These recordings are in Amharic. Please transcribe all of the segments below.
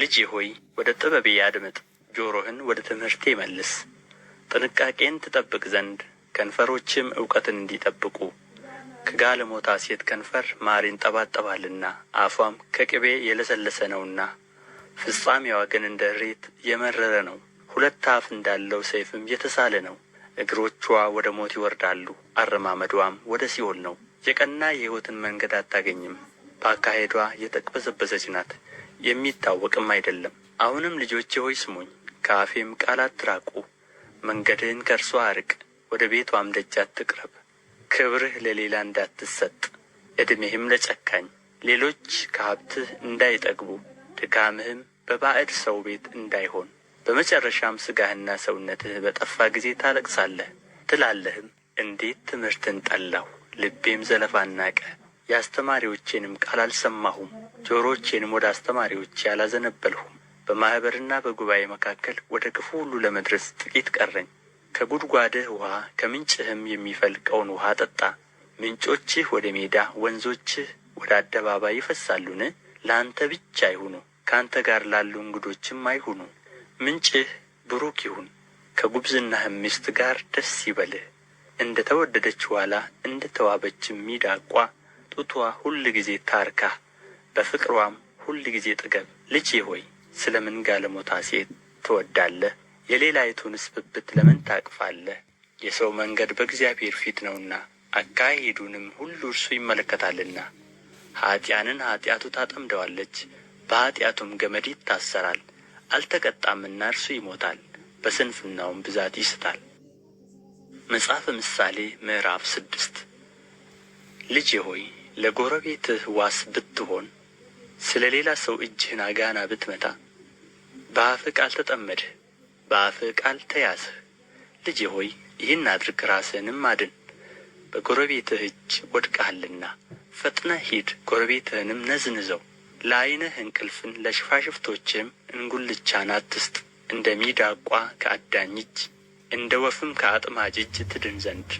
ልጄ ሆይ ወደ ጥበቤ አድምጥ፣ ጆሮህን ወደ ትምህርቴ መልስ። ጥንቃቄን ትጠብቅ ዘንድ ከንፈሮችም እውቀትን እንዲጠብቁ። ከጋለሞታ ሴት ከንፈር ማር ይንጠባጠባልና አፏም ከቅቤ የለሰለሰ ነውና፣ ፍጻሜዋ ግን እንደ እሬት የመረረ ነው፣ ሁለት አፍ እንዳለው ሰይፍም የተሳለ ነው። እግሮቿ ወደ ሞት ይወርዳሉ፣ አረማመዷም ወደ ሲኦል ነው። የቀና የሕይወትን መንገድ አታገኝም፣ በአካሄዷ የተቅበዘበዘች ናት። የሚታወቅም አይደለም። አሁንም ልጆቼ ሆይ ስሙኝ፣ ከአፌም ቃል አትራቁ። መንገድህን ከእርሷ አርቅ፣ ወደ ቤቷም ደጅ አትቅረብ። ክብርህ ለሌላ እንዳትሰጥ፣ ዕድሜህም ለጨካኝ ሌሎች ከሀብትህ እንዳይጠግቡ ድካምህም በባዕድ ሰው ቤት እንዳይሆን። በመጨረሻም ሥጋህና ሰውነትህ በጠፋ ጊዜ ታለቅሳለህ፣ ትላለህም እንዴት ትምህርትን ጠላሁ፣ ልቤም ዘለፋን ናቀ። የአስተማሪዎቼንም ቃል አልሰማሁም፣ ጆሮቼንም ወደ አስተማሪዎቼ አላዘነበልሁም። በማኅበርና በጉባኤ መካከል ወደ ክፉ ሁሉ ለመድረስ ጥቂት ቀረኝ። ከጉድጓድህ ውሃ ከምንጭህም የሚፈልቀውን ውሃ ጠጣ። ምንጮችህ ወደ ሜዳ ወንዞችህ ወደ አደባባይ ይፈሳሉን? ለአንተ ብቻ አይሁኑ፣ ከአንተ ጋር ላሉ እንግዶችም አይሁኑ። ምንጭህ ብሩክ ይሁን፣ ከጉብዝናህም ሚስት ጋር ደስ ይበልህ። እንደ ተወደደች ዋላ እንደ ተዋበችም ሚዳቋ ጡትዋ ሁል ጊዜ ታርካ በፍቅሯም ሁል ጊዜ ጥገብ። ልጄ ሆይ ስለ ምን ጋለሞታ ሴት ትወዳለህ? የሌላይቱንስ ብብት ለምን ታቅፋለህ? የሰው መንገድ በእግዚአብሔር ፊት ነውና አካሄዱንም ሁሉ እርሱ ይመለከታልና። ኀጢአንን ኀጢአቱ ታጠምደዋለች፣ በኀጢአቱም ገመድ ይታሰራል። አልተቀጣምና እርሱ ይሞታል፣ በስንፍናውም ብዛት ይስታል። መጽሐፈ ምሳሌ ምዕራፍ ስድስት ልጄ ሆይ ለጎረቤትህ ዋስ ብትሆን ስለ ሌላ ሰው እጅህን አጋና ብትመታ በአፍህ ቃል ተጠመድህ፣ በአፍህ ቃል ተያዝህ። ልጅ ሆይ ይህን አድርግ፣ ራስህንም አድን። በጎረቤትህ እጅ ወድቀሃልና ፈጥነህ ሂድ፣ ጎረቤትህንም ነዝንዘው። ለዓይንህ እንቅልፍን ለሽፋሽፍቶችህም እንጉልቻን አትስጥ። እንደ ሚዳቋ ከአዳኝ እጅ እንደ ወፍም ከአጥማጅ እጅ ትድን ዘንድ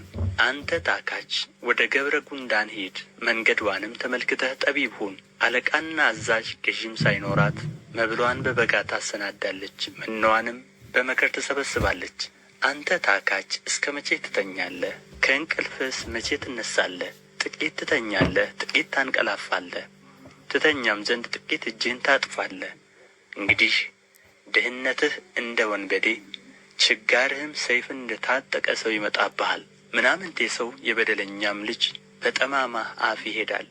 አንተ ታካች ወደ ገብረ ጉንዳን ሂድ፣ መንገድዋንም ተመልክተህ ጠቢብ ሁን። አለቃና አዛዥ ገዥም ሳይኖራት መብሏን በበጋ ታሰናዳለች፣ መኖዋንም በመከር ትሰበስባለች። አንተ ታካች እስከ መቼ ትተኛለህ? ከእንቅልፍስ መቼ ትነሳለህ? ጥቂት ትተኛለህ፣ ጥቂት ታንቀላፋለህ፣ ትተኛም ዘንድ ጥቂት እጅህን ታጥፋለህ። እንግዲህ ድህነትህ እንደ ወንበዴ ችጋርህም ሰይፍ እንደ ታጠቀ ሰው ይመጣብሃል። ምናምንቴ ሰው የበደለኛም ልጅ በጠማማ አፍ ይሄዳል።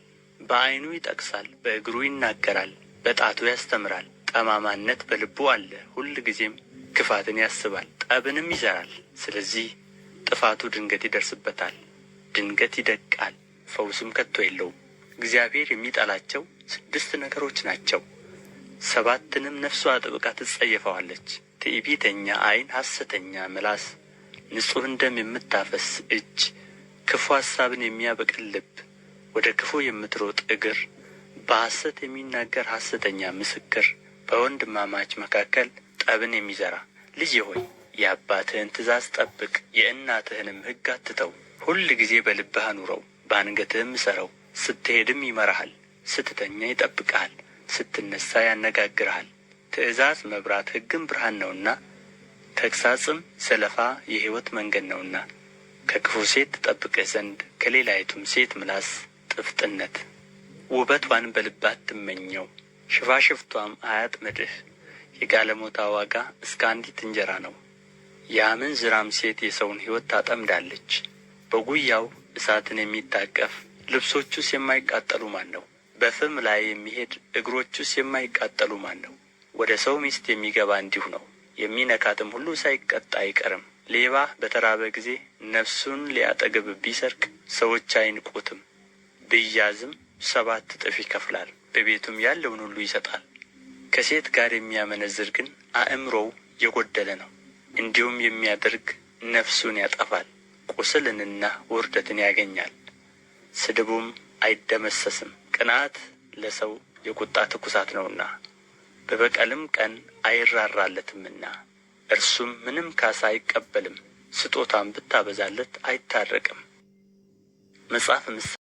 በዓይኑ ይጠቅሳል፣ በእግሩ ይናገራል፣ በጣቱ ያስተምራል። ጠማማነት በልቡ አለ፣ ሁል ጊዜም ክፋትን ያስባል፣ ጠብንም ይዘራል። ስለዚህ ጥፋቱ ድንገት ይደርስበታል፣ ድንገት ይደቃል፣ ፈውስም ከቶ የለውም። እግዚአብሔር የሚጠላቸው ስድስት ነገሮች ናቸው፣ ሰባትንም ነፍሷ አጥብቃ ትጸየፈዋለች፦ ትዕቢተኛ ዓይን፣ ሐሰተኛ ምላስ፣ ንጹሕን ደም የምታፈስ እጅ፣ ክፉ ሐሳብን የሚያበቅል ልብ፣ ወደ ክፉ የምትሮጥ እግር፣ በሐሰት የሚናገር ሐሰተኛ ምስክር፣ በወንድማማች መካከል ጠብን የሚዘራ ልጄ ሆይ የአባትህን ትእዛዝ ጠብቅ፣ የእናትህንም ሕግ አትተው። ሁል ጊዜ በልብህ አኑረው፣ በአንገትህም እሰረው። ስትሄድም ይመራሃል፣ ስትተኛ ይጠብቅሃል፣ ስትነሣ ያነጋግርሃል። ትእዛዝ መብራት ሕግም ብርሃን ነውና ተግሣጽም ዘለፋ የሕይወት መንገድ ነውና ከክፉ ሴት ትጠብቅህ ዘንድ ከሌላይቱም ሴት ምላስ ጥፍጥነት። ውበቷን በልብህ አትመኘው፣ ሽፋሽፍቷም አያጥምድህ። የጋለሞታ ዋጋ እስከ አንዲት እንጀራ ነው። የአመንዝራም ሴት የሰውን ሕይወት ታጠምዳለች። በጉያው እሳትን የሚታቀፍ ልብሶቹስ የማይቃጠሉ ማን ነው? በፍም ላይ የሚሄድ እግሮቹስ የማይቃጠሉ ማን ነው? ወደ ሰው ሚስት የሚገባ እንዲሁ ነው። የሚነካትም ሁሉ ሳይቀጣ አይቀርም። ሌባ በተራበ ጊዜ ነፍሱን ሊያጠግብ ቢሰርቅ ሰዎች አይንቁትም። ብያዝም ሰባት እጥፍ ይከፍላል፣ በቤቱም ያለውን ሁሉ ይሰጣል። ከሴት ጋር የሚያመነዝር ግን አእምሮው የጎደለ ነው። እንዲሁም የሚያደርግ ነፍሱን ያጠፋል፣ ቁስልንና ውርደትን ያገኛል፣ ስድቡም አይደመሰስም። ቅንዓት ለሰው የቁጣ ትኩሳት ነውና በበቀልም ቀን አይራራለትምና እርሱም ምንም ካሳ አይቀበልም ስጦታም ብታበዛለት አይታረቅም መጽሐፍ